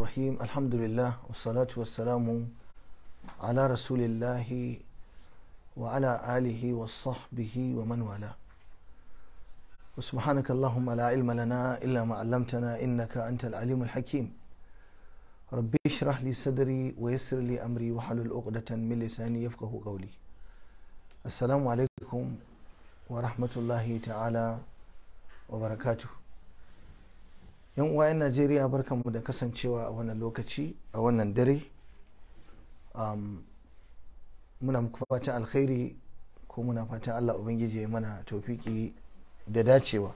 الرحيم الحمد لله والصلاة والسلام على رسول الله وعلى آله وصحبه ومن والاه وسبحانك اللهم لا علم لنا إلا ما علمتنا إنك أنت العليم الحكيم ربي اشرح لي صدري ويسر لي أمري وحلل عقدة من لساني يفقه قولي السلام عليكم ورحمة الله تعالى وبركاته yan uwa 'yan najeriya barkanmu da kasancewa a wannan lokaci a wannan dare muna muku fatan alkhairi ko muna fatan allah ubangiji ya mana taufiki da dacewa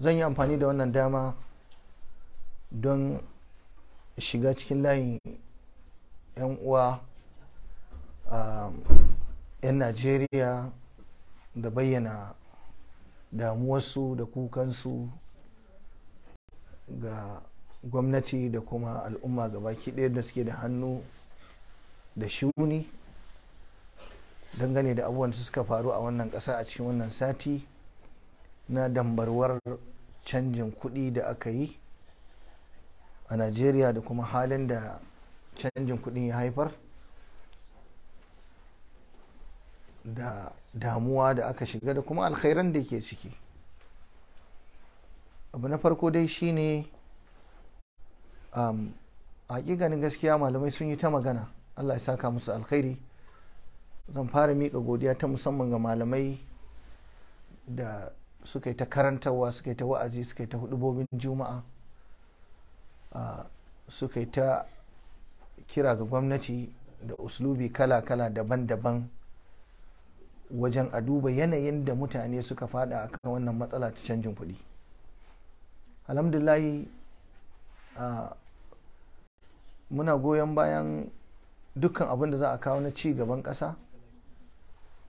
zan yi amfani da wannan dama don shiga cikin layin 'yan uwa 'yan najeriya da bayyana damuwarsu da kukansu ga gwamnati da kuma al'umma gabaki ɗaya da suke da hannu da shuni dangane da abubuwan da suka faru a wannan ƙasa a cikin wannan sati na dambarwar canjin kuɗi da aka yi a najeriya da kuma halin da canjin kuɗin ya haifar da damuwa da aka shiga da kuma alkhairan da ke ciki abu na farko dai shine um, gaskiya malamai sun yi ta magana allah ya saka musu alkhairi zan fara miƙa godiya ta musamman ga malamai da suka yi ta karantarwa suka yi ta wa'azi suka yi ta hudubobin juma'a suka yi ta kira ga gwamnati da uslubi kala-kala daban-daban wajen a duba yanayin da mutane suka fada a kan wannan matsala ta canjin kuɗi alhamdulahi muna goyon bayan dukkan abin da za a kawo na ci gaban ƙasa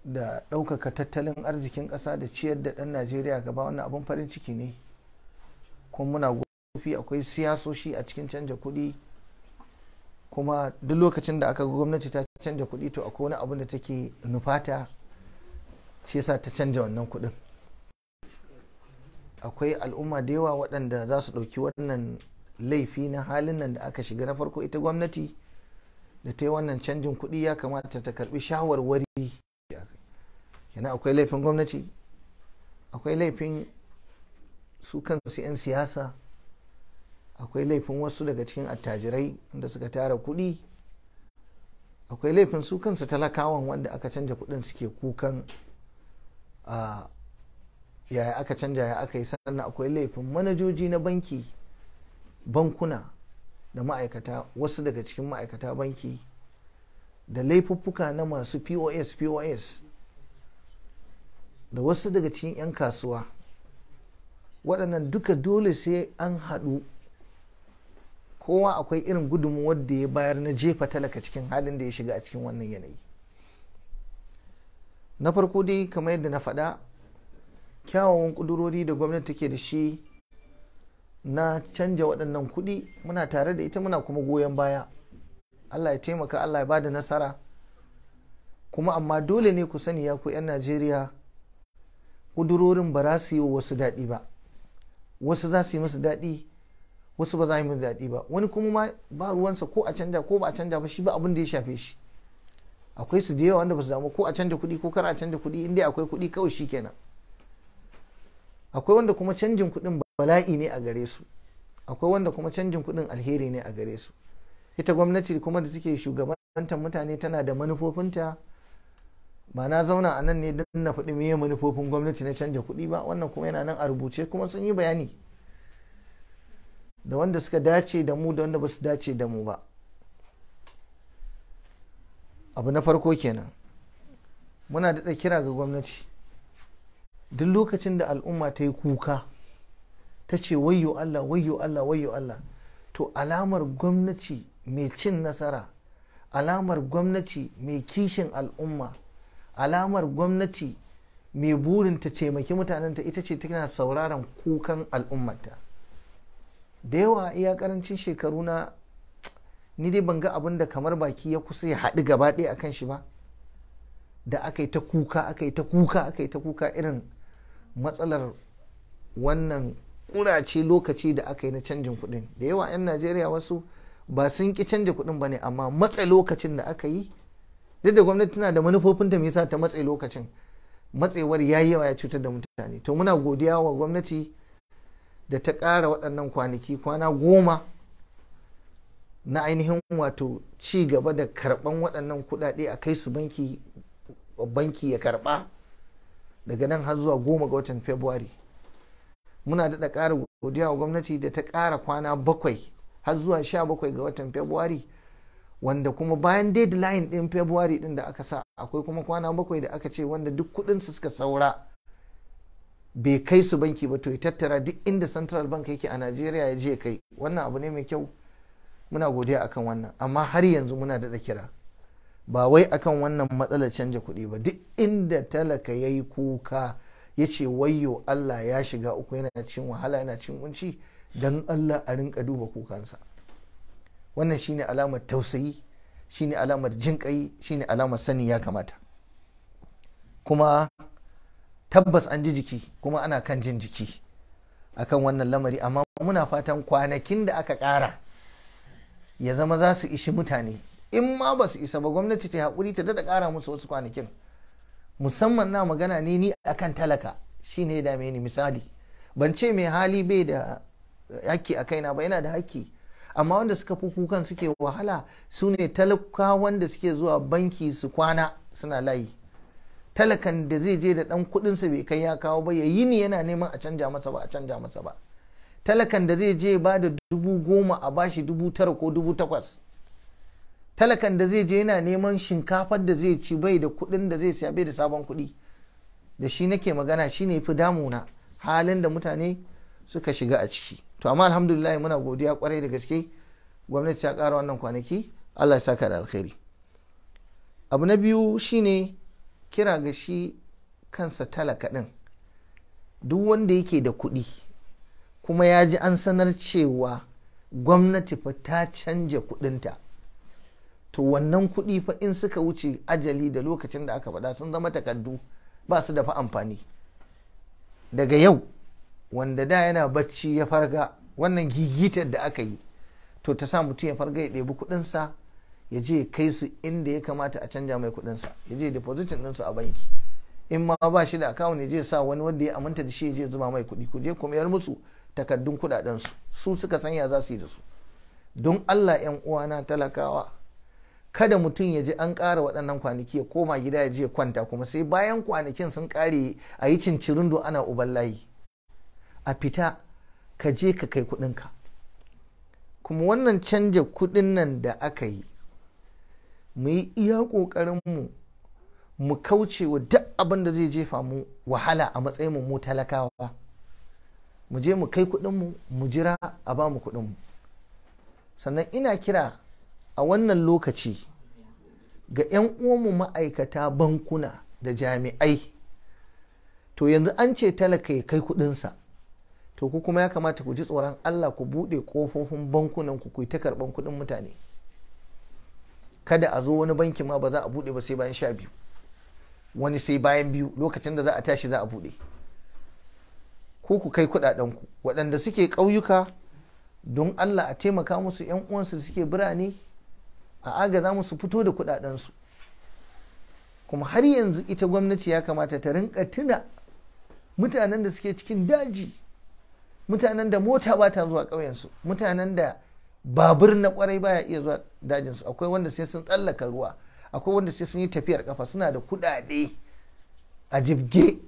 da ɗaukaka tattalin arzikin ƙasa da ciyar da ɗan najeriya gaba wannan abin farin ciki ne kuma muna gofi akwai siyasoshi a cikin canja kuɗi kuma duk lokacin da aka gwamnati ta canja kuɗi to akwai wani abin da take nufata shi yasa ta canja wannan kuɗin akwai al'umma da yawa waɗanda za su ɗauki wannan laifi na halin nan da aka shiga na farko ita gwamnati da ta yi wannan canjin kuɗi ya kamata ta karɓi shawarwari yana akwai laifin gwamnati akwai laifin su kansu 'yan siyasa akwai laifin wasu daga cikin attajirai da suka tara kuɗi akwai laifin su kansu talakawan wanda aka canja kuɗin suke kukan yaya aka canja ya aka yi sannan akwai laifin manajoji na banki bankuna da ma'aikata wasu daga cikin ma'aikata banki da laifuffuka na masu pos pos da wasu daga cikin 'yan kasuwa waɗannan duka dole sai an haɗu kowa akwai irin gudunmu wadda ya bayar na jefa talaka cikin halin da ya shiga a cikin wannan yanayi na farko dai kamar yadda na faɗa kyawawan kudurori da gwamnati take da shi na canja waɗannan kuɗi muna tare da ita muna kuma goyon baya allah ya taimaka allah ya ba da nasara kuma amma dole ne ku sani ya ku 'yan najeriya kudurorin ba za su yi wasu daɗi ba wasu za su yi masu daɗi wasu ba za su yi masu daɗi ba wani kuma ba ruwansa ko a canja ko ba a canja ba shi ba abin da ya shafe shi akwai su da yawa wanda ba su damu ko a canja kuɗi ko kar a canja kuɗi inda akwai kuɗi kawai shi kenan akwai wanda kuma canjin kuɗin bala'i ne a gare su akwai wanda kuma canjin kuɗin alheri ne a gare su ita gwamnati kuma da take shugabantar mutane tana da manufofinta ba na zauna a nan ne don na faɗi meye manufofin gwamnati na canja kuɗi ba wannan kuma yana nan a rubuce kuma sun yi bayani da wanda suka dace da mu da wanda ba su dace da mu ba abu na farko kenan muna da kira ga gwamnati duk lokacin da al'umma ta yi kuka ta ce wayyo allah wayyo allah wayyo allah to alamar gwamnati mai cin nasara alamar gwamnati mai kishin al'umma alamar gwamnati mai burin ta taimaki mutanenta ita ce tana sauraron kukan al'ummata da yawa iya karancin shekaru na ni dai ban ga abin da kamar baki ya kusa ya haɗu gaba ɗaya akan shi ba da aka yi ta kuka aka yi ta kuka aka yi ta kuka irin matsalar wannan ƙurace lokaci da aka yi na canjin kuɗin da yawa 'yan najeriya wasu ba sun ki canja kuɗin ba ne amma matsa lokacin da aka yi duk da gwamnati tana da manufofin ta yasa ta matse lokacin matsewar ya yi yawa ya cutar da mutane to muna godiya wa gwamnati da ta ƙara waɗannan kwanaki kwana goma na ainihin wato ci gaba da karban waɗannan kuɗaɗe a kai su banki ya karba daga nan har zuwa goma ga watan february muna daɗa ƙara godiya wa gwamnati da ta ƙara kwana bakwai har zuwa sha bakwai ga watan february wanda kuma bayan deadline ɗin february ɗin da aka sa akwai kuma kwana bakwai da aka ce wanda duk kuɗin su suka saura bai kai su banki ba to ya tattara duk inda central bank yake a najeriya ya je kai wannan abu ne mai kyau muna godiya akan wannan amma har yanzu muna da kira ba wai akan wannan matsalar canja kuɗi ba duk inda talaka ya yi kuka ya ce wayyo Allah ya shiga uku yana cin wahala yana cin kunci don Allah a rinka duba kukansa wannan shine alamar tausayi shine alamar jin kai shine alamar sani ya kamata kuma tabbas an ji jiki kuma ana kan jin jiki akan wannan lamari amma muna fatan kwanakin da aka ƙara ya zama za su ishi mutane in ma ba su isa ba gwamnati ta haƙuri ta daɗa ƙara musu wasu kwanakin musamman na magana ne ni akan talaka shi ne dame ni misali ban ce mai hali bai da haƙƙi a kaina ba yana da haƙƙi amma wanda suka fi kukan suke wahala su ne talaka wanda suke zuwa banki su kwana suna layi talakan da zai je da ɗan kuɗinsa bai kai ya kawo ba ya yi ni yana neman a canja masa ba a canja masa ba talakan da zai je ba da dubu goma a bashi dubu tara ko dubu takwas talakan da zai je yana neman shinkafar da zai ci bai da kuɗin da zai siya bai da sabon kuɗi da shi nake magana shi ne fi damuna halin da mutane suka shiga a ciki to amma alhamdulillah muna godiya kwarai da gaske gwamnati ta kara wannan kwanaki allah ya saka da alkhairi abu na biyu shine kira ga shi kansa talaka ɗin duk wanda yake da kuɗi kuma ya ji an sanar cewa gwamnati fa ta canja kudinta to wannan kudi fa in suka wuce ajali da lokacin da aka faɗa sun zama takardu ba su da fa amfani daga yau wanda da yana bacci ya farga wannan gigitar da aka yi to ta sa mutum ya farga ya ɗebi kuɗinsa ya je kai su inda ya kamata a canja mai kuɗinsa ya je depositin ɗinsu a banki in ma ba shi da akawun ya je sa wani wanda ya aminta da shi ya je zuma mai kuɗi ku je ku mayar musu takaddun kudaden su su suka sanya za su yi da su don Allah yan uwana talakawa kada mutum ya ji an ƙara waɗannan kwanaki ya koma gida ya je ya kwanta kuma sai bayan kwanakin sun ƙare a yi do ana uban layi a fita ka je ka kai kuɗinka kuma wannan canja kuɗin nan da aka yi mu yi iya ƙoƙarinmu mu kauce wa duk abin da zai jefa mu wahala a matsayin mu talakawa mu je mu kai kudinmu mu jira a ba mu sannan ina kira a wannan lokaci ga 'yan uwanmu ma'aikata bankuna da jami'ai to yanzu an ce talaka ya kai kudinsa to ku kuma ya kamata ku ji tsoron allah ku buɗe ƙofofin bankunan ku ta karban kudin mutane kada a zo wani banki ma ba za a buɗe ba sai bayan sha biyu wani sai bayan biyu lokacin da za a tashi za a buɗe ko ku kai kudadenku waɗanda suke ƙauyuka don Allah a taimaka musu 'yan uwansu suke birane a agaza musu fito da su kuma har yanzu ita gwamnati ya kamata ta rinka tuna mutanen da suke cikin daji mutanen da mota ba ta zuwa ƙauyensu mutanen da babur na kwarai baya iya zuwa dajinsu akwai wanda sai sun tsallaka ruwa akwai wanda sai sun yi tafiyar kafa suna da kudade a jibge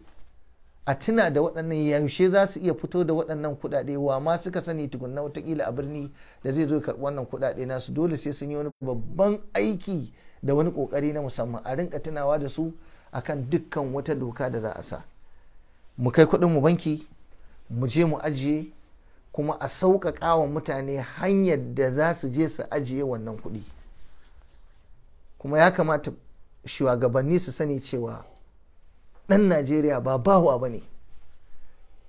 a tuna da waɗannan yaushe za su iya fito da waɗannan kuɗaɗe wa ma suka sani tukunna watakila a birni da zai zo karɓi wannan kuɗaɗe nasu dole sai sun yi wani babban aiki da wani ƙoƙari na musamman a rinka tunawa da su akan dukkan wata doka da za a sa mu kai kuɗin mu banki mu je mu ajiye kuma a sauƙaƙa wa mutane hanyar da za su je su ajiye wannan kuɗi kuma ya kamata shugabanni su sani cewa ɗan najeriya ba bawa ba ne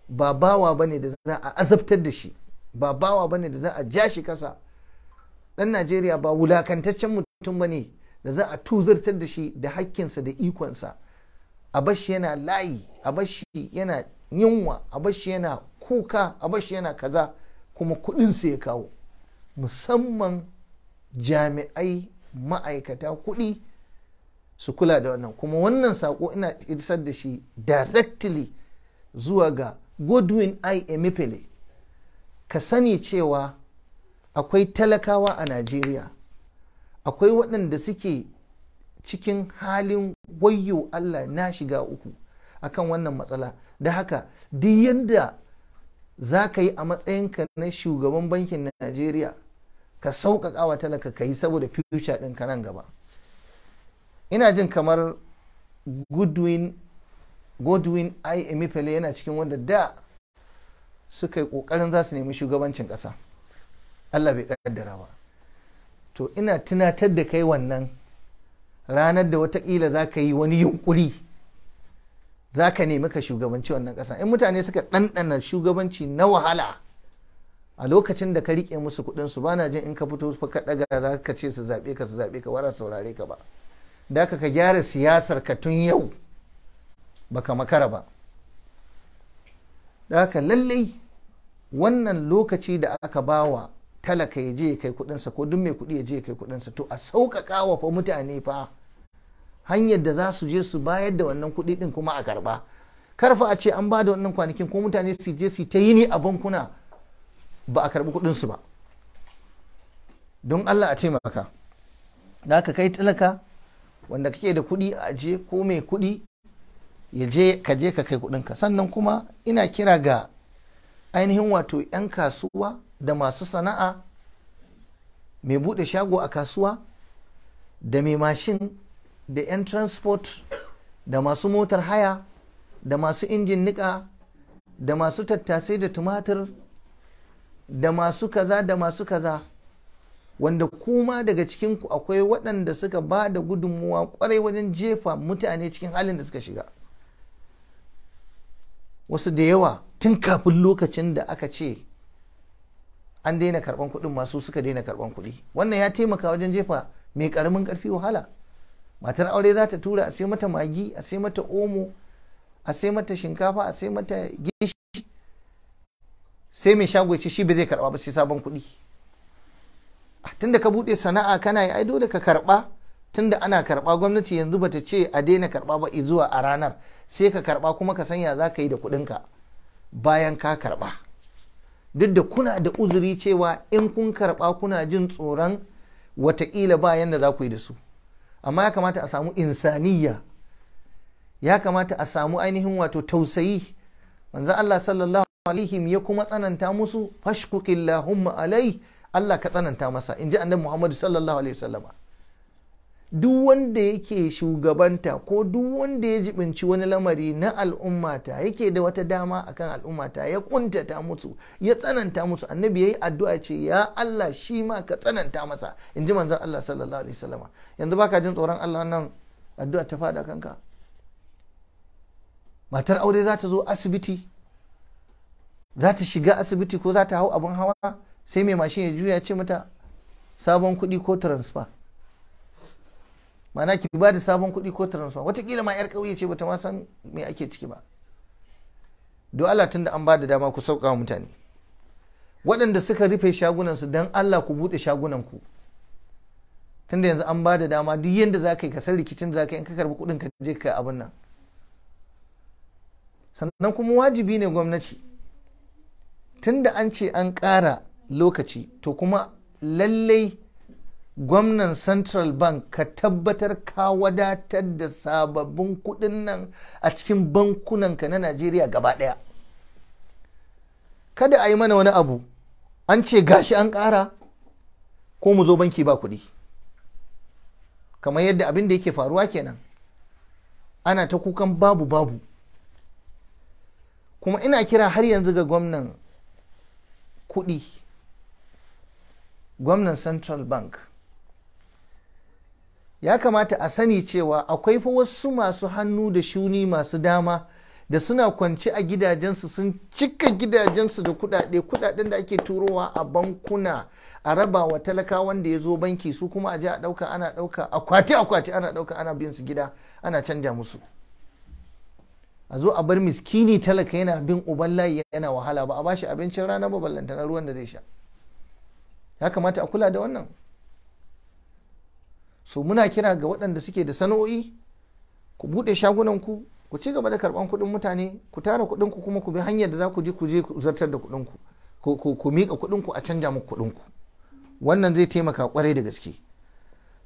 ba bawa ba ne da za a azabtar da shi ba bawa ba ne da za a ja shi kasa ɗan najeriya ba wulakantaccen mutum ba ne da za a tuzartar da shi da hakkinsa da ikonsa a bashi yana layi a bashi yana yunwa a bashi yana kuka a bashi yana kaza kuma kudinsa ya kawo musamman jami'ai ma'aikata kuɗi su kula da wannan kuma wannan sako ina isar da shi directly zuwa ga godwin i emifele ka sani cewa akwai talakawa a najeriya akwai waɗanda suke cikin halin wayo allah na shiga uku akan wannan matsala da haka duk yadda za ka yi a matsayinka na shugaban bankin najeriya ka sauƙaƙa wa talaka ka yi saboda future ɗinka nan gaba ina jin kamar goodwin godwin i yana cikin wanda da suka yi kokarin za su nemi shugabancin kasa. allah bai kaddara ba to ina tunatar da kai wannan ranar da watakila za ka yi wani yunkuri za ka nemi ka shugabanci wannan kasa in mutane suka ɗanɗana shugabanci na wahala a lokacin da ka riƙe musu kuɗinsu ba na jin in ka fito ka ɗaga za ka ce su zaɓe ka su zaɓe ka wara saurare ka ba da ka gyara siyasar ka tun yau baka makara ba da aka lallai wannan lokaci da aka bawa talaka ya je ya kai kudinsa ko dun mai kudi ya je ya kai kudinsa to a sauƙaƙa wa fa mutane fa hanyar da za su je su bayar da wannan kudi din kuma a karba karfa a ce an ba da wannan kwanakin ko mutane su je su ta yi ne a bankuna ba a karbi kudinsu ba don Allah a taimaka da aka kai talaka wanda kake da kuɗi a aje ko mai kuɗi ya je ka je ka kai kuɗinka sannan kuma ina kira ga ainihin wato 'yan kasuwa da masu sana'a mai buɗe shago a kasuwa da mai mashin da 'yan transport da masu motar haya da masu injin niƙa da masu tattasai da tumatir da masu kaza da masu kaza wanda kuma daga cikinku akwai waɗanda suka ba da gudunmuwa kwarai wajen jefa mutane cikin halin da suka shiga wasu da yawa tun kafin lokacin da aka ce an daina karban kuɗin masu suka daina karɓan kuɗi wannan ya taimaka wajen jefa mai ƙaramin ƙarfi wahala matar aure za ta tura a sai mata magi a sai mata omo a sai mata shinkafa a sai mata gishi sai mai shago ce shi ba zai karba ba sai sabon kuɗi tunda ka bude sana'a kana yi ai dole ka karba tunda ana karba gwamnati yanzu bata ce a daina karba ba zuwa a ranar sai ka karba kuma ka sanya za ka yi da ka bayan ka karba duk da kuna da uzuri cewa in kun karba kuna jin tsoron watakila ba yanda za ku yi da su amma ya kamata a samu insaniya ya kamata a samu ainihin wato tausayi manzo Allah sallallahu alaihi ya kuma tsananta musu lahumma alai Allah ka tsananta masa in ji annabi Muhammadu sallallahu alaihi wasallama duk wanda yake shugabanta ko duk wanda ya jibinci wani lamari na al'ummata yake da wata dama akan al'ummata ya kuntata musu ya tsananta musu annabi yayi addu'a ce ya Allah shi ma ka tsananta masa in ji manzon Allah sallallahu alaihi wasallama yanzu baka jin tsoron Allah nan addu'a ta fada kanka matar aure za ta zo asibiti za ta shiga asibiti ko za ta hau abin hawa sai mai mashin ya juya ce mata sabon kuɗi ko transfer mana ki ba da sabon kuɗi ko transfer watakila ma 'yar ƙauye ce bata ma san me ake ciki ba don Allah tun da an ba da dama ku sauƙa mutane waɗanda suka rufe shagunansu don Allah ku buɗe shagunanku Tun da yanzu an ba da dama duk yadda za ka yi kasar rikicin za ka yi in ka karbi kuɗin ka je ka abin nan sannan kuma wajibi ne gwamnati Tun da an ce an ƙara lokaci to kuma lallai gwamnan central bank ka tabbatar ka wadatar da sababbin kudin nan a cikin bankunanka na najeriya gaba daya kada a yi mana wani abu an ce gashi an kara ko mu zo banki ba kudi kamar yadda abin da yake faruwa kenan ana ta kukan babu babu kuma ina kira har yanzu ga gwamnan kudi gwamnan central bank ya kamata a sani cewa akwai fa wasu masu hannu da shuni masu dama da suna kwanci a gidajensu sun cika gidajensu da kudade kudaden da ake turowa a bankuna a raba wa talaka wanda ya zo banki su kuma a je a dauka ana dauka akwati akwati ana dauka ana bin su gida ana canja musu a zo a bar miskini talaka yana bin uban layi yana wahala ba a bashi abincin rana ba ballanta na ruwan da zai sha ya kamata a kula da wannan so muna kira ga waɗanda suke da sana'o'i ku buɗe shagunanku ku ci gaba da karɓan kuɗin mutane ku tara kuɗinku kuma ku bi hanyar da za ku je ku je ku zartar da kuɗinku ku miƙa kuɗinku a canja muku kuɗinku wannan zai taimaka kwarai da gaske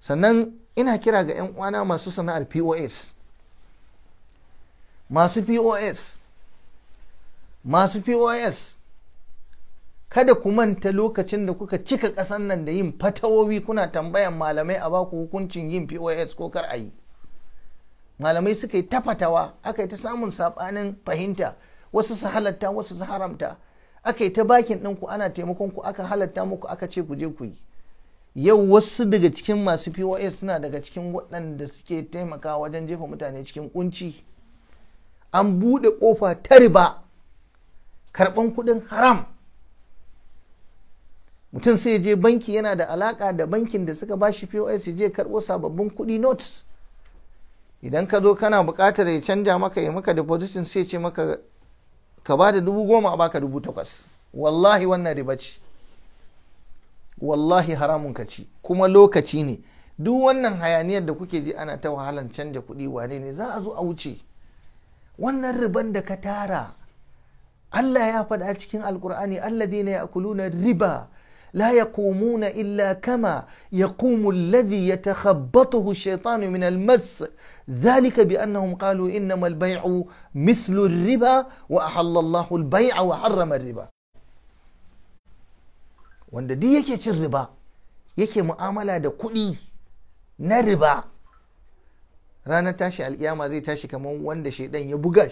sannan ina kira ga 'yan uwana masu sana'ar pos masu pos masu pos kada ku manta lokacin da kuka cika ƙasan nan da yin fatawowi kuna tambayan malamai a baku hukuncin yin pos ko kar a yi malamai suka yi ta fatawa aka yi ta samun saɓanin fahimta wasu su halatta wasu su haramta aka yi ta bakin ɗinku ana taimakon ku aka halatta muku aka ce ku je ku yi yau wasu daga cikin masu pos suna daga cikin waɗanda suke taimaka wajen jefa mutane cikin kunci an buɗe ƙofa ta riba karɓan kuɗin haram mutum sai je banki yana da alaka da bankin da suka ba shi pos je karbo sababbin kuɗi notes idan ka zo kana bukatar ya canja maka ya maka deposition sai ce maka ka ba da dubu goma a baka dubu takwas wallahi wannan riba ce wallahi haramun ka ci kuma lokaci ne duk wannan hayaniyar da kuke ji ana ta wahalan canja kuɗi wane ne za a zo a wuce wannan riban da ka tara Allah ya faɗa cikin alkur'ani allah alladhina ya'kuluna riba لا يقومون الا كما يقوم الذي يتخبطه الشيطان من المس ذلك بانهم قالوا انما البيع مثل الربا واحل الله البيع وحرم الربا وان دي يكي cin riba yake mu'amala da kuɗi na riba ranar tashi al'iyama zai tashi kamar wanda shaidan ya buga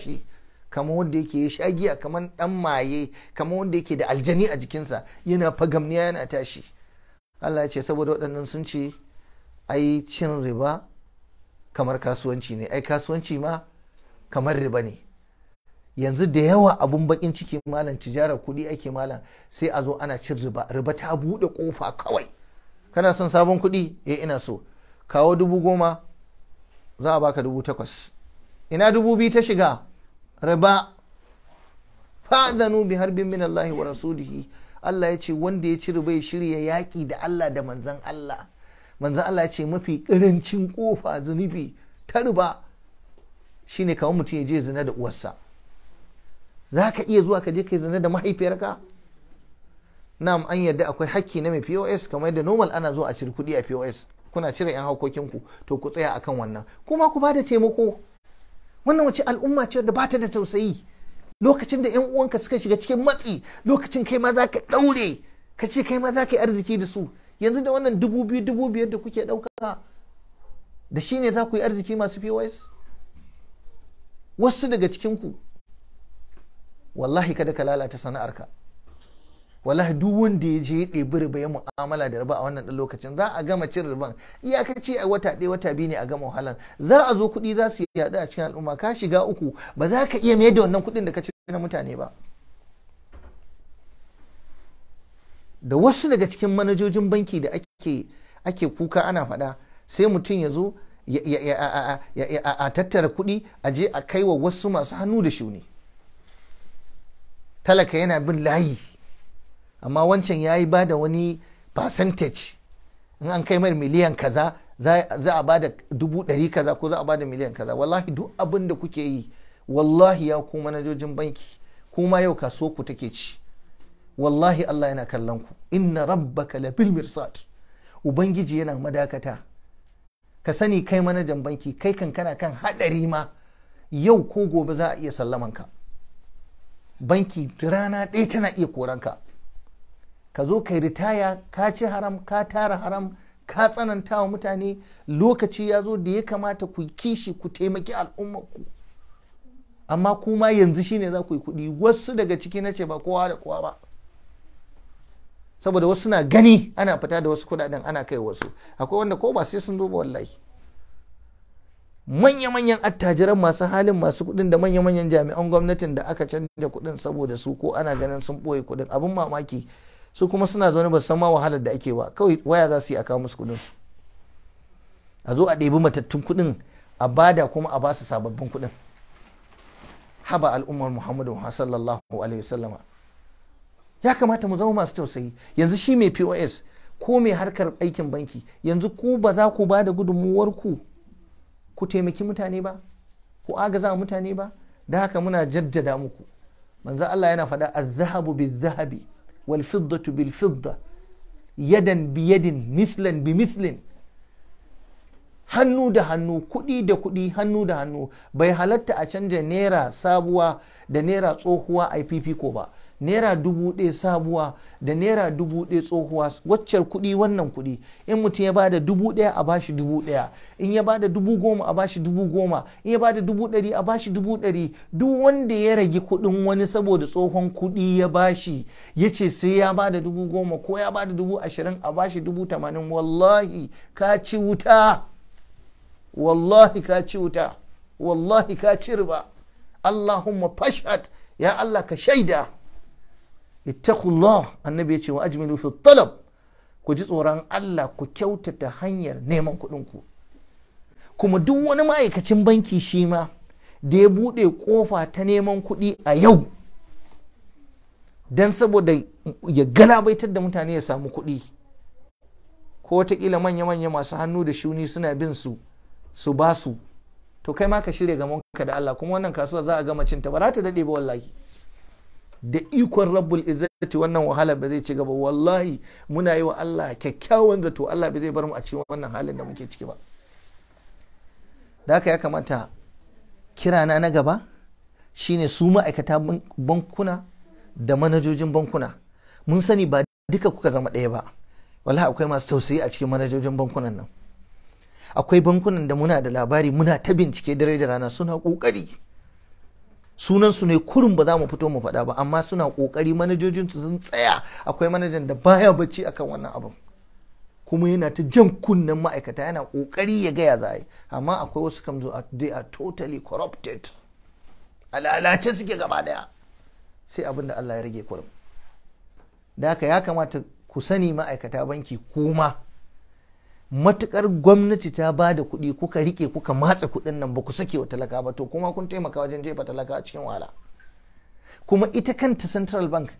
kamar wanda yake ya shagiya kamar dan maye kamar wanda yake da aljani a jikinsa yana fagamniya yana tashi Allah ya ce saboda waɗannan sun ce ai cin riba kamar kasuwanci ne ai kasuwanci ma kamar riba ne yanzu da yawa abun bakin ciki malam tijara kuɗi ake malam sai a zo ana cin riba riba ta buɗe ƙofa kawai kana son sabon kuɗi eh ina so kawo dubu goma za a baka dubu takwas ina dubu biyu ta shiga riba fa'adhanu bi harbin min Allah wa rasulihi Allah ya ce wanda ya ci riba ya shirya yaƙi da Allah da manzan Allah manzan Allah ya ce mafi ƙarancin ƙofa zunubi ta riba shine kamar mutum ya je zina da uwarsa za ka iya zuwa ka je ka zina da mahaifiyarka na'am an yadda akwai hakki na mai pos kamar yadda normal ana zuwa a cire kuɗi a pos kuna cire 'yan hakokinku to ku tsaya akan wannan kuma ku ba da taimako wannan wace al'umma ce da bata da tausayi lokacin da yan uwanka suka shiga cikin matsi lokacin kai ma za ka ɗaure ka ce kai ma za ka yi arziki da su yanzu da wannan dubu biyu dubu biyar da kuke ɗauka da shi ne za ku yi arziki masu pos wasu daga cikinku wallahi kada ka lalata sana'arka Wala duk wanda ya je ɗebi riba ya mu'amala da riba a wannan ɗan lokacin za a gama cin riban ce a wata ɗaya wata biyu ne a gama wahalan za a zo kuɗi za su yaɗu a cikin al'umma ka shiga uku ba za ka iya mayar da wannan kuɗin da ka ci na mutane ba da wasu daga cikin manajojin banki da ake kuka ana faɗa sai mutum ya zo a tattara kuɗi a je a kai wa wasu masu hannu da shuni talaka yana bin layi amma wancan ya yi ba da wani percentage in an kai mai miliyan kaza za a ba da dubu ɗari kaza ko za a ba da miliyan kaza wallahi duk abin da kuke yi wallahi ya ku manajojin banki kuma yau kaso ku take ci wallahi Allah yana kallon ku inna rabbaka labil mirsad ubangiji yana madakata ka sani kai manajan banki kai kan kana kan hadari ma yau ko gobe za a iya sallaman ka banki rana ɗaya tana iya koranka ka zo kai ritaya ka ci haram ka tara haram ka tsananta wa mutane lokaci ya zo da ya kamata ku kishi ku taimaki al'ummarku amma kuma yanzu shine za ku yi kuɗi wasu daga ciki na ce ba kowa da kowa ba saboda wasu na gani ana fita da wasu kuɗaɗen ana kai wasu akwai wanda ko ba sai sun zo ba wallahi manya-manyan attajiran masu halin masu kuɗin da manya-manyan jami'an gwamnatin da aka canja kuɗin saboda su ko ana ganin sun ɓoye kuɗin abin mamaki su kuma suna zaune ba san ma wahalar da ake ba kawai waya za su yi a kawo musu kuɗin su a zo a ɗebi matattun kuɗin a bada kuma a basu sababbin kuɗin haba al'ummar muhammadu sallallahu alaihi wasallama ya kamata mu zama masu tausayi yanzu shi mai pos ko mai harkar aikin banki yanzu ku ba za ku ba da gudunmuwar ku ku taimaki mutane ba ku agaza mutane ba da haka muna jaddada muku manzo Allah yana faɗa azhabu zahabi والفضة بالفضة يدا بيد مثلا بمثل hannu da hannu kuɗi da kuɗi hannu da hannu bai halatta a canja naira sabuwa da naira tsohuwa a fifiko ba naira dubu ɗaya sabuwa da naira dubu ɗaya tsohuwa waccar kuɗi wannan kuɗi in mutum ya ba da dubu ɗaya a bashi dubu ɗaya in ya ba da dubu goma a bashi dubu goma in ya ba da dubu ɗari a bashi dubu ɗari duk wanda ya rage kuɗin wani saboda tsohon kuɗi ya bashi ya ce sai ya ba da dubu goma ko ya ba da dubu ashirin a bashi dubu tamanin wallahi ka ci wuta wallahi ka ci wuta wallahi ka ci riba Allahumma fashat ya Allah ka shaida ittaqullah annabi ya ce wa ajmilu fi talab ku ji tsoron Allah ku kyautata hanyar neman kuɗin ku kuma duk wani ma'aikacin banki shi ma da ya buɗe ƙofa ta neman kuɗi a yau don saboda ya galabaitar da mutane ya samu kuɗi ko watakila manya-manya masu hannu da shuni suna bin su su ba su to kai ma ka shirya gamanka da Allah kuma wannan kasuwa za a gama cinta ba za ta daɗe ba wallahi da ikon rabbul izzati wannan wahala ba zai ci gaba wallahi muna yi wa Allah kyakkyawan zato Allah ba zai bar mu a cikin wannan halin da muke ciki ba da haka ya kamata kirana na gaba shine su ma'aikata bankuna da manajojin bankuna mun sani ba duka kuka zama ɗaya ba wallahi akwai masu tausayi a cikin manajojin bankunan nan akwai bankunan da muna da labari muna ta bincike dare da rana suna ƙoƙari sunansu ne kurin ba za mu fito mu faɗa ba amma suna ƙoƙari manajojinsu sun tsaya akwai manajan da baya bacci akan wannan abin kuma yana ta jan kunnen ma'aikata yana ƙoƙari ya gaya za yi amma akwai wasu kam zo they are totally corrupted a lalace suke gaba daya sai abin da Allah ya rage kurin. da haka ya kamata ku sani ma'aikata banki kuma matukar gwamnati ta ba da kuɗi kuka rike kuka matsa kuɗin nan ba ku sake wa talaka ba to kuma kun taimaka wajen jefa talaka a cikin wahala kuma ita kanta central bank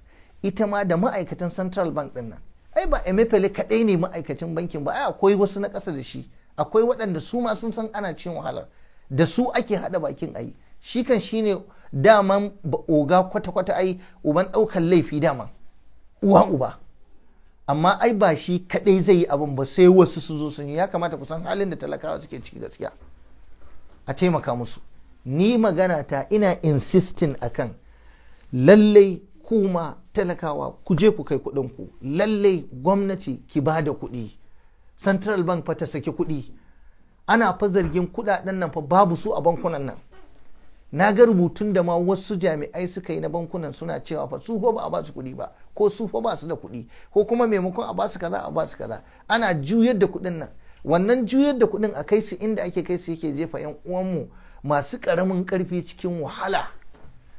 ita ma da ma'aikatan central bank din nan ai ba emefele kaɗai ne ma'aikacin bankin ba ai akwai wasu na ƙasa da shi akwai waɗanda su ma sun san ana cikin wahalar da su ake haɗa bakin ayi shi kan shi ne daman oga kwata-kwata ai uban ɗaukar laifi daman uwa uba amma ai ba shi kadai zai yi abin ba sai wasu su zo sun yi ya kamata kusan halin da talakawa suke ciki gaskiya a taimaka musu ni magana ta ina insisting akan lallai kuma talakawa ku je ku kai kuɗin ku lallai gwamnati ki ba da kuɗi central bank fa ta saki kuɗi ana fa zargin kuɗaɗen nan fa babu su a bankunan nan na ga rubutun da ma wasu jami'ai suka yi na bankunan suna cewa fa su ba a ba su kuɗi ba ko su ba su da kuɗi ko kuma maimakon a ba su kaza a ba su kaza ana juyar da kuɗin nan wannan juyar da kuɗin a kai su inda ake kai su yake jefa yan uwanmu masu ƙaramin ƙarfi cikin wahala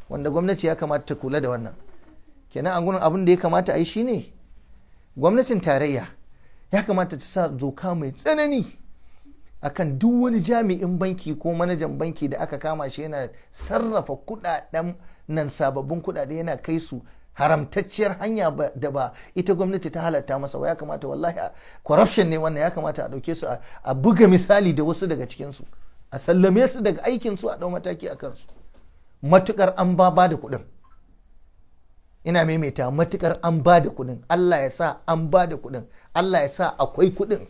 wanda gwamnati ya kamata ta kula da wannan kenan an abin da ya kamata a yi shine gwamnatin tarayya ya kamata ta sa doka mai tsanani akan duk wani jami'in banki ko manajan banki da aka kama shi yana sarrafa kudaden nan sababbin kudade yana kai su haramtacciyar hanya da ba ita gwamnati ta halatta masa ba ya kamata wallahi a corruption ne wannan ya kamata a dauke su a buga misali da wasu daga cikin su a sallame su daga aikin su a dau mataki a kansu matukar an ba ba da kuɗin ina maimaita matukar an ba da kuɗin Allah ya sa an ba da kuɗin Allah ya sa akwai kuɗin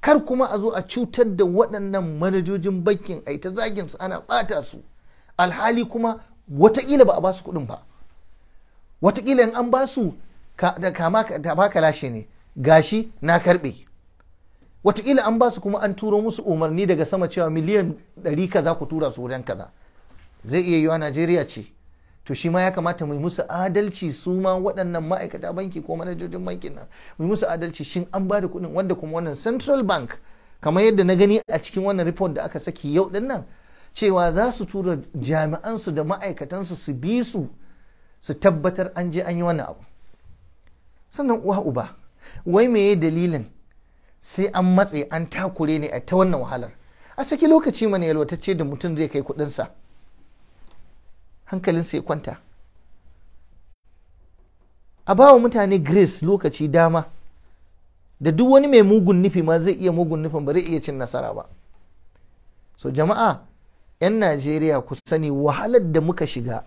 kar kuma a zo a cutar da waɗannan manajojin bankin a ta zagin su ana ɓata su alhali kuma watakila ba a ba su kuɗin ba watakila in an ba su da kama ta baka lashe ne gashi na karɓe watakila an ba su kuma an turo musu umarni daga sama cewa miliyan ɗari kaza ku tura su wajen kaza zai iya yiwa najeriya ce to shi ma ya kamata mu musu adalci su ma waɗannan ma'aikata banki ko manajojin bankin nan mu musu adalci shin an ba da kuɗin wanda kuma wannan central bank kamar yadda na gani a cikin wannan report da aka saki yau din nan cewa za su tura jami'ansu da ma'aikatansu su bi su su tabbatar an je an yi wani abu sannan uwa uba wai meye dalilin sai an matse an takure ne a ta wannan wahalar a saki lokaci mana yalwatacce da mutum zai kai kuɗinsa hankalinsu ya kwanta a bawa mutane grace lokaci dama da duk wani mai mugun nufi ma zai iya mugun nufin ba zai iya cin nasara ba so jama'a 'yan najeriya ku sani wahalar da muka shiga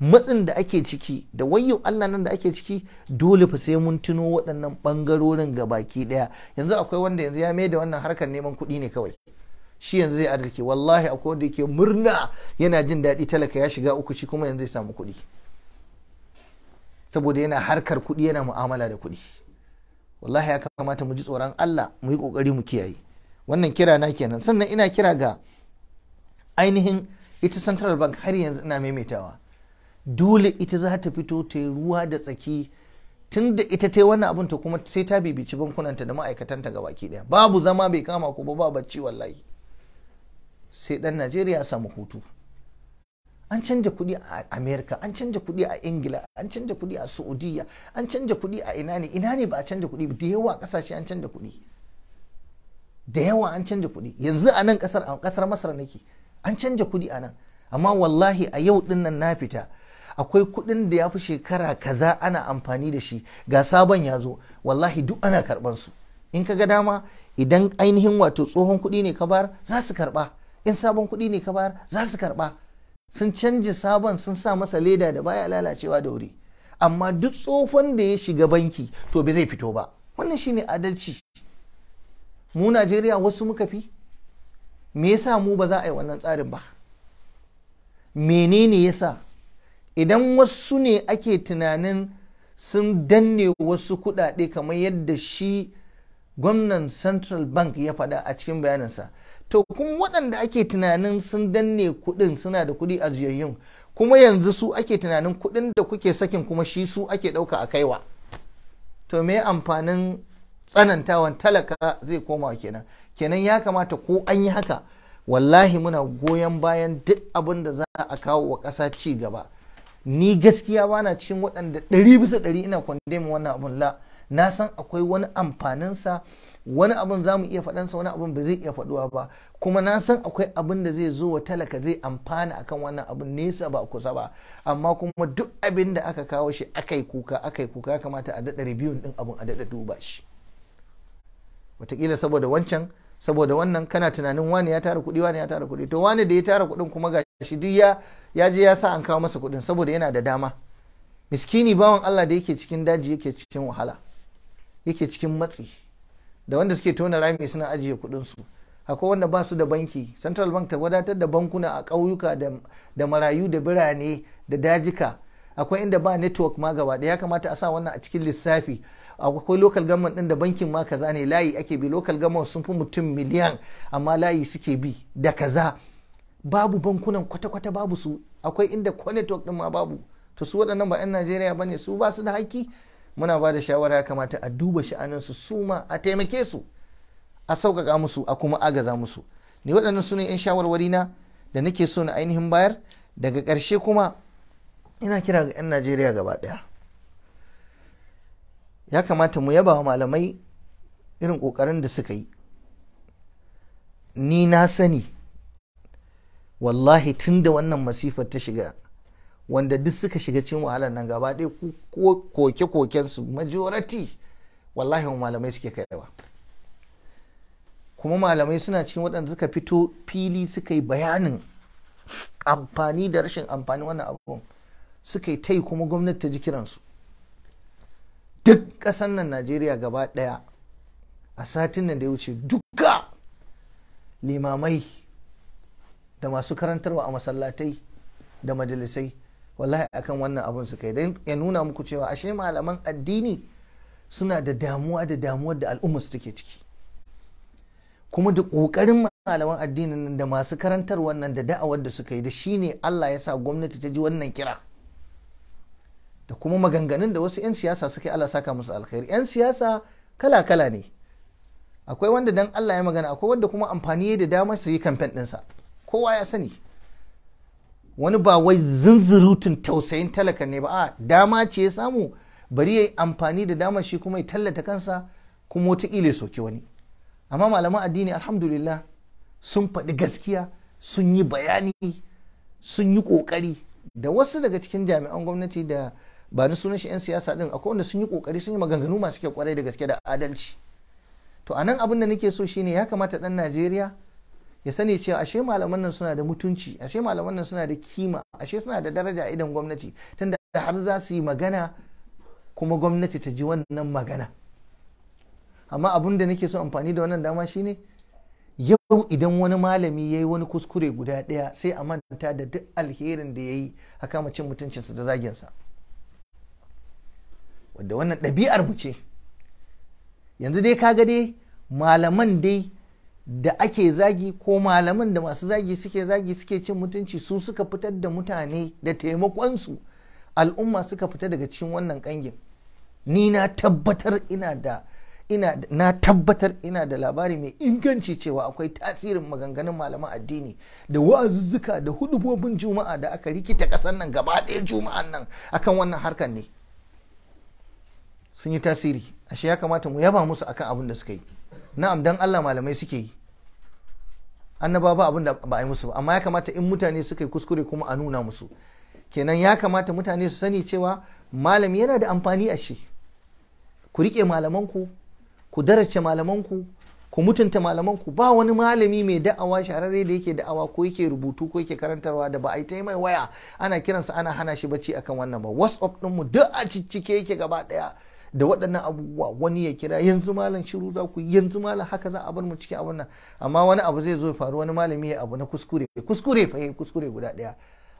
matsin da ake ciki da wayo allah nan da ake ciki dole fa sai mun tuno waɗannan ɓangarorin ga baki ɗaya yanzu akwai wanda yanzu ya mai da wannan harkar neman kuɗi ne kawai shi yanzu zai arziki wallahi akwai wanda yake murna yana jin daɗi talaka ya shiga uku shi kuma yanzu zai samu kuɗi saboda yana harkar kuɗi yana mu'amala da kuɗi wallahi ya kamata mu ji tsoron Allah mu yi kokari mu kiyaye wannan kira na kenan sannan ina kira ga ainihin ita central bank har yanzu ina maimaitawa dole ita za ta fito ta yi ruwa da tsaki tun da ita ta yi wannan abin ta kuma sai ta bibici bankunanta da ma'aikatanta ga baki daya babu zama bai kama ko ba ba bacci wallahi sai dan najeriya ya samu hutu an canja kuɗi a amerika an canja kuɗi a ingila an canja kuɗi a saudiya an canja kuɗi a ina ne ina ne ba a canja kuɗi da yawa ƙasashe an canja kuɗi da yawa an canja kuɗi yanzu a nan ƙasar a kasar masar nake an canja kuɗi a nan amma wallahi a yau ɗinnan nan na fita akwai kuɗin da ya fi shekara kaza ana amfani da shi ga sabon ya zo wallahi duk ana karɓan su in ka ga dama idan ainihin wato tsohon kuɗi ne ka bar, za su karɓa in sabon kuɗi ne ka bayar za su karɓa sun canji sabon sun sa masa leda da baya lalacewa da wuri amma duk tsohon da ya shiga banki to bai zai fito ba wannan shine adalci mu najeriya wasu muka fi me yasa mu ba za a yi wannan tsarin ba menene yasa idan wasu ne ake tunanin sun danne wasu kuɗaɗe kamar yadda shi gwamnan central bank ya faɗa a cikin bayaninsa to kuma waɗanda ake tunanin sun danne kuɗin suna da kuɗi a jiyayyun kuma yanzu su ake tunanin kuɗin da kuke sakin kuma shi su ake ɗauka a kaiwa to me amfanin tsanantawan talaka zai koma kenan kenan ya kamata ko an yi haka wallahi muna goyon bayan duk abin da za a kawo wa ƙasa ci gaba ni gaskiya ba na cikin waɗanda ɗari bisa ɗari ina mu wannan abun la na san akwai wani amfaninsa wani abun za mu iya faɗansa wani abun ba zai iya faɗuwa ba kuma na san akwai abin da zai zo wa talaka zai amfana akan wannan abun nesa ba kusa ba amma kuma duk abin da aka kawo shi aka yi kuka aka yi kuka kamata a daɗa review ɗin abun a daɗa duba shi wataƙila saboda wancan saboda wannan kana tunanin wani ya tara kuɗi wani ya tara kuɗi to wani da ya tara kuɗin kuma ga shi duk ya je ya sa an kawo masa kuɗin saboda yana da dama miskini bawan Allah da yake cikin daji yake cikin wahala yake cikin matsi da wanda suke tona rami suna ajiye kuɗin su akwai wanda ba su da banki central bank ta wadatar da bankuna a ƙauyuka da marayu da birane da dajika akwai inda ba network ma gaba da ya kamata a sa wannan a cikin lissafi akwai local government din da bankin ma kaza ne layi ake bi local government sun fi mutum miliyan amma layi suke bi da kaza babu bankunan kwata-kwata babu su akwai inda ko din ma babu to su waɗannan ba 'yan najeriya ba ne su ba su da haƙƙi muna ba da shawara ya kamata a duba sha'anin su su ma a taimake su a sauƙaƙa musu a kuma agaza musu ni waɗannan su ne 'yan shawarwari na da nake so na ainihin bayar daga ƙarshe kuma ina kira ga 'yan najeriya gaba ɗaya ya kamata mu yaba wa malamai irin ƙoƙarin da suka yi ni na sani wallahi tun da wannan masifar ta shiga wanda duk suka shiga cin wahalar nan gaba ɗaya koke-koken su majority wallahi malamai suke kaiwa kuma malamai suna cikin waɗanda suka fito fili suka yi bayanin amfani da rashin amfani wannan abubuwan suka yi tai kuma gwamnati ta ji kiransu duk ƙasar nan najeriya gaba ɗaya a satin nan da ya wuce duka limamai da masu karantarwa a masallatai da majalisai wallahi akan wannan abun su kai don ya nuna muku cewa ashe malaman addini suna da damuwa da damuwar da al'umma su take ciki kuma da ƙoƙarin malaman addinin nan da masu karantar wannan da da'awar da suka yi da shine Allah ya sa gwamnati ta ji wannan kira da kuma maganganun da wasu 'yan siyasa suka yi Allah saka musu alkhairi 'yan siyasa kala-kala ne akwai wanda dan Allah ya magana akwai wanda kuma amfani da damar su yi kamfen ɗinsa. kowa ya sani wani ba wai zunzurutun tausayin talaka ne ba a dama ce ya samu bari ya yi amfani da dama shi kuma ya tallata kansa kuma wata ya soki wani amma malaman addini alhamdulillah sun faɗi gaskiya sun yi bayani sun yi ƙoƙari da wasu daga cikin jami'an gwamnati da ba ni sunan shi 'yan siyasa ɗin akwai wanda sun yi ƙoƙari sun yi maganganu masu kyau kwarai da gaske da adalci to anan abin da nake so shine ya kamata ɗan najeriya ya sani cewa ashe malaman nan suna da mutunci ashe malaman nan suna da kima ashe suna da daraja idan gwamnati tunda har za su yi magana kuma gwamnati ta ji wannan magana amma abin da nake so amfani da wannan dama shine yau idan wani malami ya yi wani kuskure guda daya sai a manta da duk alherin da ya yi a kama cin mutuncinsa da zaginsa wadda wannan ɗabi'ar mu ce yanzu dai kaga dai malaman dai da ake zagi ko malaman da masu zagi suke zagi suke cin mutunci su suka fitar da mutane da taimakonsu al'umma suka fita daga cikin wannan kangin ni na tabbatar ina da ina na tabbatar ina da labari mai inganci cewa akwai tasirin maganganun malaman addini da wa'azuzzuka da hudubobin juma'a da aka rikita kasan nan gaba ɗaya juma'an nan akan wannan harkar ne sun yi tasiri ashe ya kamata mu yaba musu akan abin da suka yi na'am dan Allah malamai suke yi annaba ba abin da ba a musu ba amma ya kamata in mutane suka yi kuskure kuma a nuna musu kenan ya kamata mutane su sani cewa malami yana da amfani a shi ku rike malamanku ku darace malamanku ku mutunta malamanku ba wani malami mai da'awa shararre da yake da'awa ko yake rubutu ko yake karantarwa da ba a yi ta mai waya ana kiransa ana hana shi bacci akan wannan ba whatsapp ɗinmu duk a ciccike yake gaba ɗaya da waɗannan abubuwa wani ya kira yanzu malam shiru za ku yanzu malam haka za a bar mu ciki abin nan amma wani abu zai zo ya faru wani malami ya abu na kuskure kuskure fa kuskure guda ɗaya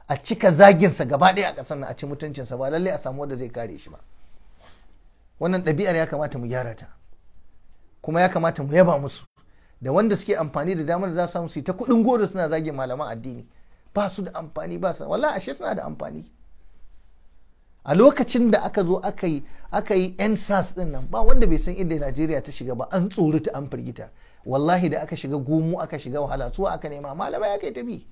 a cika zagin sa gaba ɗaya a ƙasar nan a ci sa ba lallai a samu wanda zai kare shi ba wannan ɗabi'ar ya kamata mu gyara ta kuma ya kamata mu yaba musu da wanda suke amfani da damar da za su samu su ta kuɗin goro suna zagin malaman addini ba su da amfani ba su wallahi ashe suna da amfani a lokacin da aka zo aka yi aka yi yan sas din nan ba wanda bai san inda najeriya ta shiga ba an ta, an firgita wallahi da aka shiga gomu aka shiga wahala su aka nema malamai aka yi bi.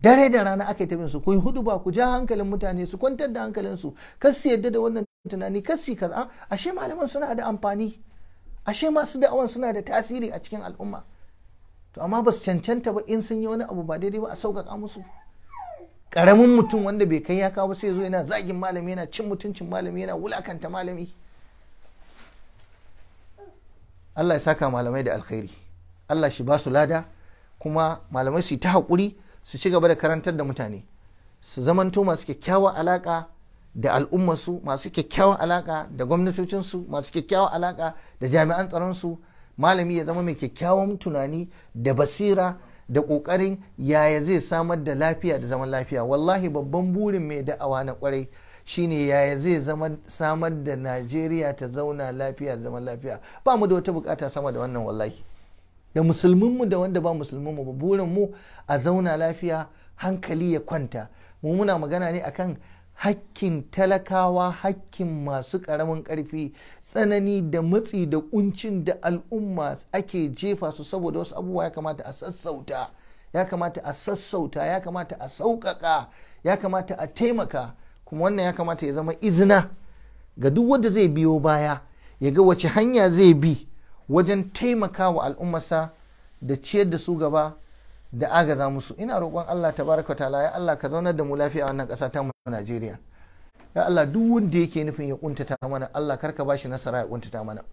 dare da rana aka yi tafi su kai hudu ba ku ja hankalin mutane su kwantar da hankalin su kar su yadda da wannan tunani kar su kaza ah, ashe malaman suna da amfani ashe masu da'awan suna da tasiri a cikin al'umma to amma ba su cancanta ba in sun yi wani abu ba daidai ba a sauƙaƙa musu karamin mutum wanda bai kai ya kawo sai ya zo yana zagin malami yana cin mutuncin malami yana wulakanta malami Allah ya saka malamai da alkhairi Allah shi ba su lada kuma malamai su yi ta hakuri su ci gaba da karantar da mutane su zamanto masu kyakkyawan alaƙa da al'ummarsu masu kyakkyawan alaƙa da gwamnatocinsu masu kyakkyawan alaƙa da jami'an tsaron su malami ya zama mai kyakkyawan tunani da basira da ƙoƙarin yaya zai samar da lafiya da zaman lafiya wallahi babban burin mai da'awa na kwarai shine yaya zai samar da najeriya ta zauna lafiya da zaman lafiya ba mu da wata bukata sama da wannan wallahi da musulminmu da wanda ba musulminmu ba burinmu a zauna lafiya hankali ya kwanta mu muna magana ne akan hakkin talakawa hakkin masu ƙaramin ƙarfi tsanani da matsi da kuncin da al'umma ake jefa su saboda wasu abubuwa ya kamata a sassauta ya kamata a sassauta ya kamata a sauƙaƙa ya kamata a taimaka kuma wannan ya kamata ya zama izina ga duk wanda zai biyo baya ya ga wace hanya zai bi wajen taimaka wa al'ummarsa da ciyar da su gaba da agaza musu ina roƙon Allah tabaraka ta'ala ya Allah ka zaunar da mu lafiya a wannan ƙasa ta mu Najeriya ya Allah duk wanda yake nufin ya kuntata mana Allah karka bashi nasara ya kuntata mana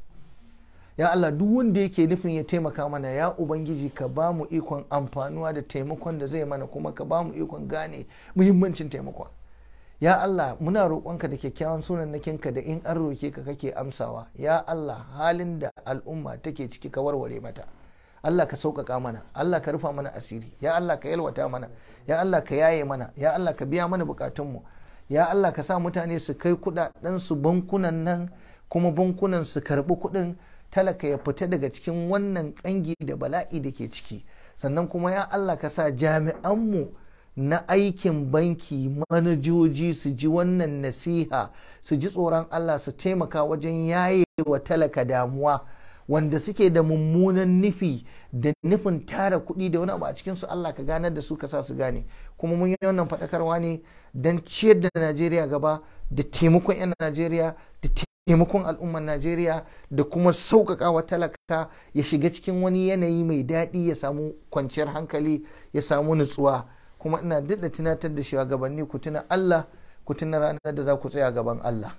ya Allah duk wanda yake nufin ya taimaka mana ya ubangiji ka ba mu ikon amfanuwa da taimakon da zai mana kuma ka ba mu ikon gane muhimmancin taimakon ya Allah muna roƙonka da kyakkyawan sunan nakinka da in an roke ka kake amsawa ya Allah halin da al'umma take ciki ka warware mata Allah ka sauƙaƙa mana Allah ka rufa mana asiri ya Allah ka yalwata mana ya Allah ka yaye mana ya Allah ka biya mana bukatunmu ya Allah ka sa mutane su kai kudaden su bankunan nan kuma bankunan su karbi kudin talaka ya fita daga cikin wannan kangi da bala'i da ke ciki sannan kuma ya Allah ka sa jami'anmu na aikin banki manajoji su ji wannan nasiha su ji tsoron Allah su taimaka wajen yaye wa talaka damuwa wanda suke da mummunan nufi da nufin tara kuɗi da wani abu a cikinsu Allah ka ganar da su ka sa su gane kuma mun yi wannan faɗakarwa ne don ciyar da Najeriya gaba da taimakon 'yan Najeriya da taimakon al'ummar Najeriya da kuma sauƙaƙa wa talaka ya shiga cikin wani yanayi mai daɗi ya samu kwanciyar hankali ya samu nutsuwa kuma ina duk da tunatar da gabanni ku tuna Allah ku tuna ranar da za ku tsaya gaban Allah.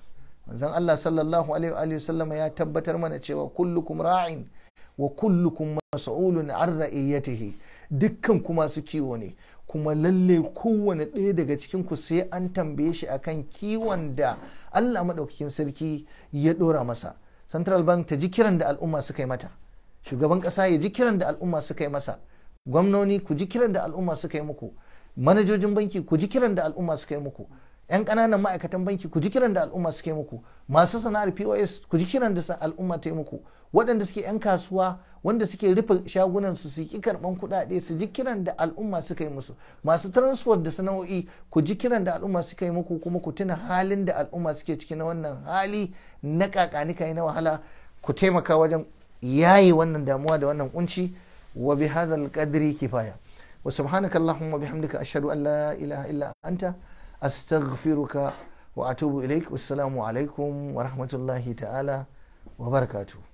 manzon Allah sallallahu alaihi wa sallama ya tabbatar mana cewa kullukum ra'in wa kullukum mas'ulun an ra'iyatihi dukkan kuma su kiwo ne kuma lalle kowane ɗaya daga cikin ku sai an tambaye shi akan kiwon da Allah maɗaukakin sarki ya ɗora masa central bank ta ji kiran da al'umma suka yi mata shugaban ƙasa ya ji kiran da al'umma suka yi masa gwamnoni ku ji kiran da al'umma suka yi muku manajojin banki ku ji kiran da al'umma suka yi muku yan ƙananan ma'aikatan banki ku ji kiran da al'umma suke muku masu sana'ar pos ku ji kiran da al'umma ta muku waɗanda suke yan kasuwa wanda suke rufe shagunan su su ki karɓan kuɗaɗe su ji kiran da al'umma suka yi musu masu transport da sana'o'i ku ji kiran da al'umma suka yi muku kuma ku tuna halin da al'umma suke ciki na wannan hali na kakanika na wahala ku taimaka wajen yayi wannan damuwa da wannan kunci wa bi hadzal qadri kifaya wa subhanakallahumma bihamdika ashhadu an la ilaha illa anta a astaghfiruka wa atubu ilaik wassalamu alaikum wa rahmatullahi ta'ala wa barakatuh